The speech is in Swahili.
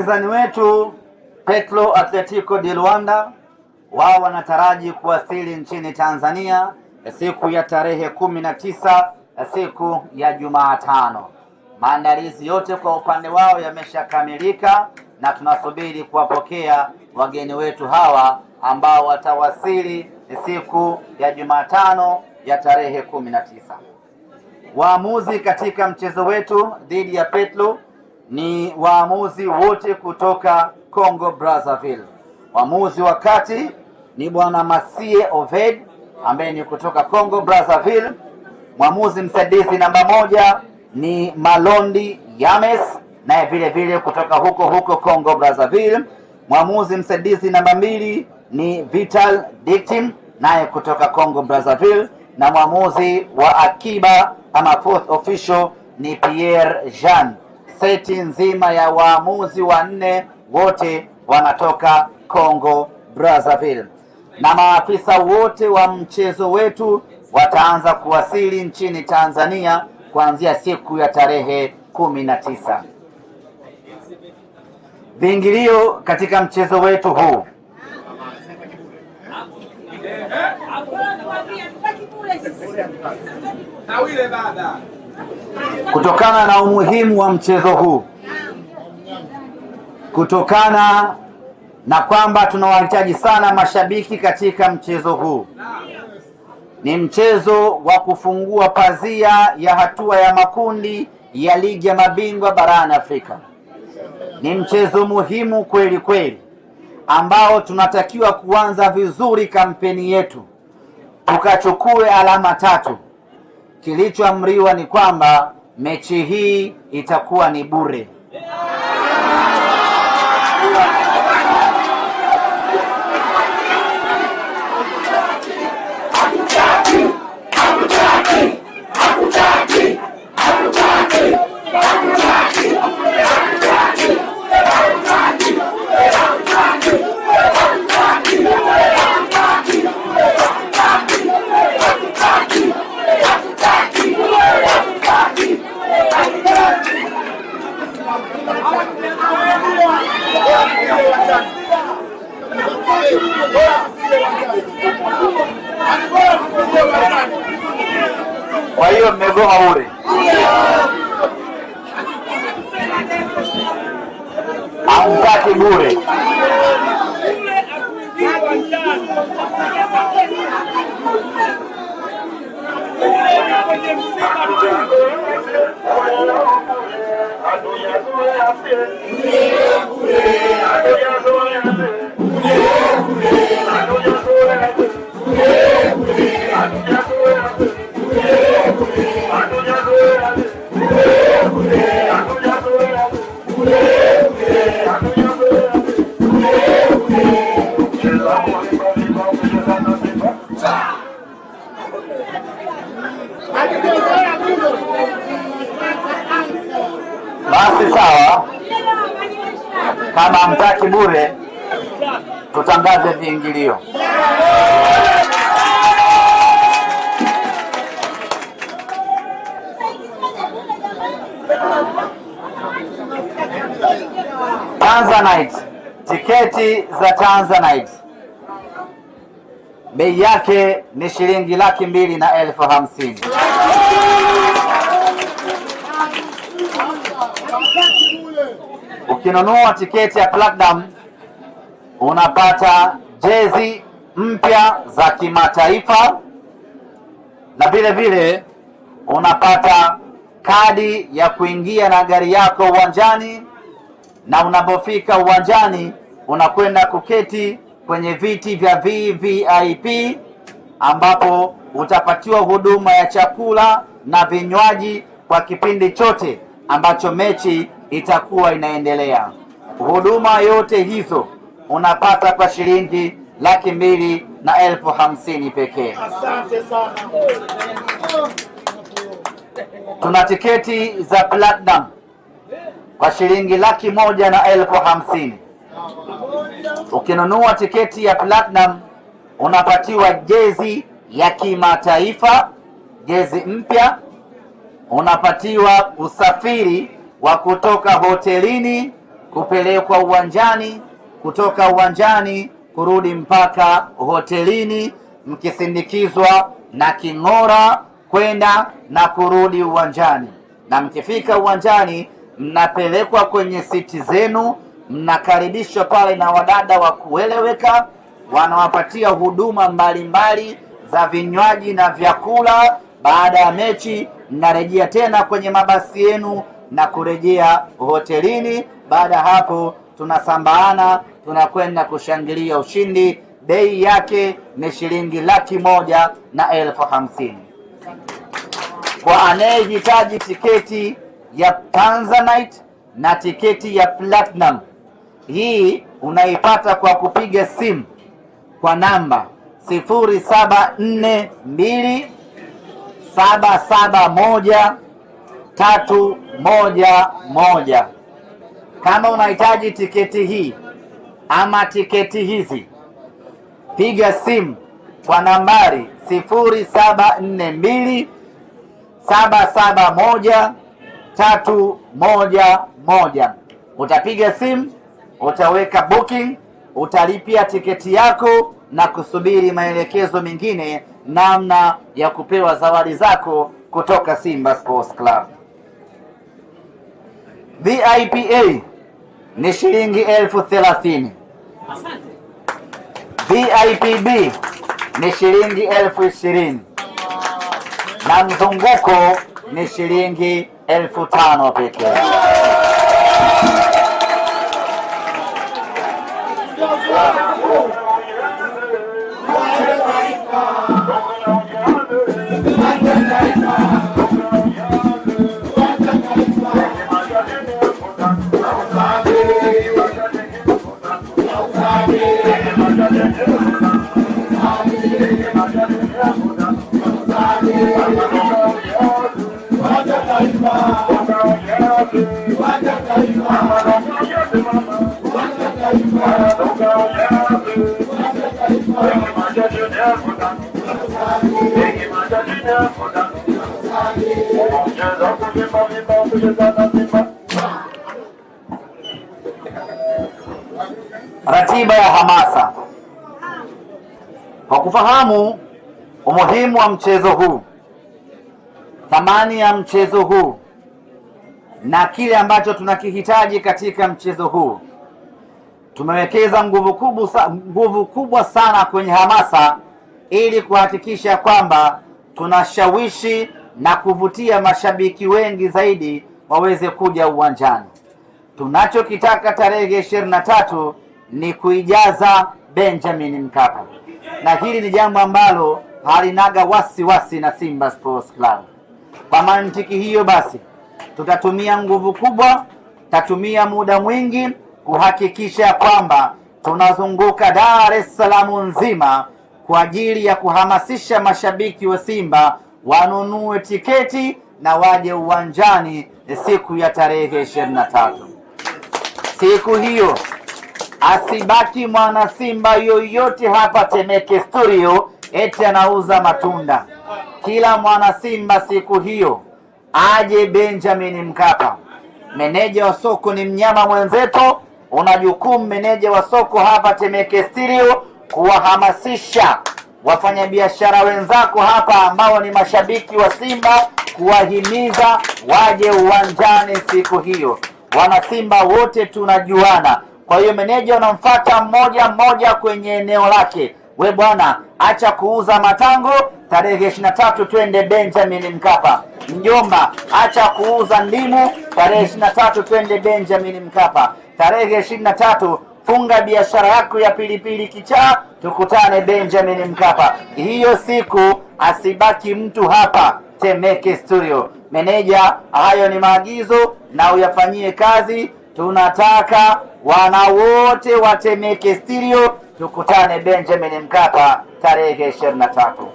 Wapinzani wetu Petro Atletico de Luanda wao wanataraji kuwasili nchini Tanzania siku ya tarehe kumi na tisa siku ya Jumatano. Maandalizi yote kwa upande wao yameshakamilika na tunasubiri kuwapokea wageni wetu hawa ambao watawasili siku ya Jumatano ya tarehe kumi na tisa. Waamuzi katika mchezo wetu dhidi ya Petro ni waamuzi wote kutoka Congo Brazzaville. Waamuzi wa kati ni bwana Masie Oved ambaye ni kutoka Congo Brazzaville. Mwamuzi msaidizi namba moja ni Malondi Yames naye vile vile kutoka huko huko Congo Brazzaville. Mwamuzi msaidizi namba mbili ni Vital Dictim naye kutoka Congo Brazzaville, na mwamuzi wa akiba ama fourth official ni Pierre Jean seti nzima ya waamuzi wanne wote wanatoka Congo Brazzaville, na maafisa wote wa mchezo wetu wataanza kuwasili nchini Tanzania kuanzia siku ya tarehe kumi na tisa. Viingilio katika mchezo wetu huu kutokana na umuhimu wa mchezo huu, kutokana na kwamba tunawahitaji sana mashabiki katika mchezo huu. Ni mchezo wa kufungua pazia ya hatua ya makundi ya ligi ya mabingwa barani Afrika. Ni mchezo muhimu kweli kweli, ambao tunatakiwa kuanza vizuri kampeni yetu, tukachukue alama tatu Kilichoamriwa ni kwamba mechi hii itakuwa ni bure. Kwa hiyo mmegoma bure. Hamtaki bure. sawa, kama mtaki bure, tutangaze viingilio. Tanzanite, tiketi za Tanzanite bei yake ni shilingi laki mbili na elfu hamsini. Ukinunua tiketi ya Platinum unapata jezi mpya za kimataifa na vile vile unapata kadi ya kuingia na gari yako uwanjani, na unapofika uwanjani unakwenda kuketi kwenye viti vya VVIP ambapo utapatiwa huduma ya chakula na vinywaji kwa kipindi chote ambacho mechi itakuwa inaendelea. Huduma yote hizo unapata kwa shilingi laki mbili na elfu hamsini pekee. Asante sana. Tuna tiketi za platinum kwa shilingi laki moja na elfu hamsini. Ukinunua tiketi ya platinum unapatiwa jezi ya kimataifa, jezi mpya unapatiwa usafiri wa kutoka hotelini kupelekwa uwanjani, kutoka uwanjani kurudi mpaka hotelini, mkisindikizwa na king'ora kwenda na kurudi uwanjani, na mkifika uwanjani mnapelekwa kwenye siti zenu, mnakaribishwa pale na wadada wa kueleweka, wanawapatia huduma mbalimbali za vinywaji na vyakula baada ya mechi narejea tena kwenye mabasi yenu na kurejea hotelini. Baada ya hapo, tunasambaana tunakwenda kushangilia ushindi. Bei yake ni shilingi laki moja na elfu hamsini. Kwa anayehitaji tiketi ya Tanzanite na tiketi ya Platinum, hii unaipata kwa kupiga simu kwa namba sifuri saba nne mbili saba saba moja tatu moja moja. Kama unahitaji tiketi hii ama tiketi hizi, piga simu kwa nambari sifuri saba nne mbili saba saba moja tatu moja moja. Utapiga simu, utaweka booking, utalipia tiketi yako na kusubiri maelekezo mengine namna ya kupewa zawadi zako kutoka Simba Sports Club. VIPA ni shilingi elfu thelathini. VIPB ni shilingi elfu ishirini na mzunguko ni shilingi elfu tano pekee. Ratiba ya hamasa. Kwa kufahamu umuhimu wa mchezo huu, thamani ya mchezo huu na kile ambacho tunakihitaji katika mchezo huu tumewekeza nguvu kubwa, nguvu kubwa sana kwenye hamasa ili kuhakikisha kwamba tunashawishi na kuvutia mashabiki wengi zaidi waweze kuja uwanjani. Tunachokitaka tarehe ishirini na tatu ni kuijaza Benjamin Mkapa, na hili ni jambo ambalo halinaga wasiwasi wasi na Simba Sports Club. Kwa mantiki hiyo basi, tutatumia nguvu kubwa, tutatumia muda mwingi kuhakikisha kwamba tunazunguka Dar es Salaam nzima kwa ajili ya kuhamasisha mashabiki wa Simba wanunue tiketi na waje uwanjani siku ya tarehe ishirini na tatu. Siku hiyo asibaki mwana Simba yoyote hapa Temeke Studio eti anauza matunda. Kila mwana Simba siku hiyo aje Benjamin Mkapa. Meneja wa soko ni mnyama mwenzetu una jukumu meneja wa soko hapa Temeke Studio kuwahamasisha wafanyabiashara wenzako hapa ambao ni mashabiki wa Simba, kuwahimiza waje uwanjani siku hiyo. Wana Simba wote tunajuana, kwa hiyo meneja unamfuata mmoja mmoja kwenye eneo lake. We bwana, acha kuuza matango tarehe ishirini na tatu twende Benjamin Mkapa. Mjomba, acha kuuza ndimu tarehe ishirini na tatu twende Benjamin Mkapa. Tarehe ishirini na tatu funga biashara yako ya pilipili kichaa, tukutane Benjamin Mkapa. Hiyo siku asibaki mtu hapa Temeke Studio. Meneja, hayo ni maagizo na uyafanyie kazi. Tunataka wana wote wa Temeke Studio Tukutane Benjamin Mkapa tarehe ishirini na tatu.